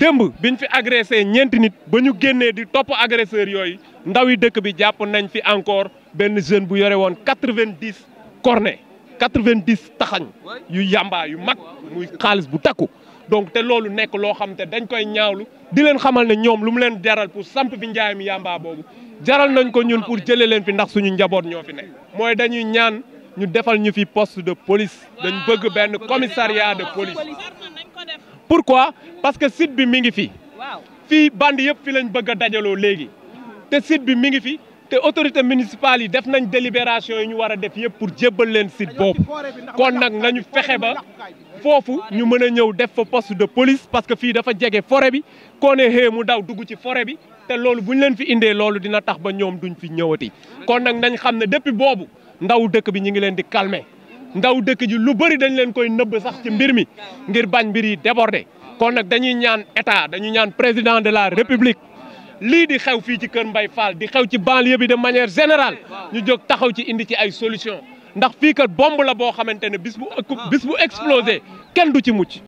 démb bi ñu fi agressé ñeenti nit ba ñu génnee di topp agresseur yooyu ndaw yi dëkk bi jàpp nañ fi encore benn jeune bu yore woon quatre-vingt-dix cornet quatre-vingt-dix taxañ yu yàmbaa yu mag muy xaalis bu takku donc te loolu nekk loo xam te dañ koy ñaawlu di leen xamal ne ñoom lu mu leen jaral pour samp bi njaay mi yàmbaa boobu jaral nañ ko ñun pour jëlee leen fi ndax suñu njaboot ñoo fi nekk mooy dañuy ñaan ñu defal ñu fi post de police dañ bëgg benn commissariat de police pourquoi parce que site bi mi Les fi. bandi fi lañ site bi mi fi te autorité municipale yi délibération pour nous. leen site boobu. kon a nañu ñu mëna ñëw def poste de police parce que fi dafa fait forêt bi koné ne mu daw dugg ci forêt bi. fi dina tax ba ñom duñ fi ñëwati kon nañ depuis le ndaw dëkk bi ñi calmer. ndaw dëkk ji lu bëri dañ leen koy nëbb sax ci mbir mi ngir bañ mbir yi déborder kon nag dañuy ñaan état dañuy ñaan président de la république lii di xew fii ci Kër mbay Fall di xew ci banlieue bi de manière générale ñu jóg taxaw ci indi ci ay solution ndax fii kat bomb la boo xamante ne bis bu bis bu explosé kenn du ci mucc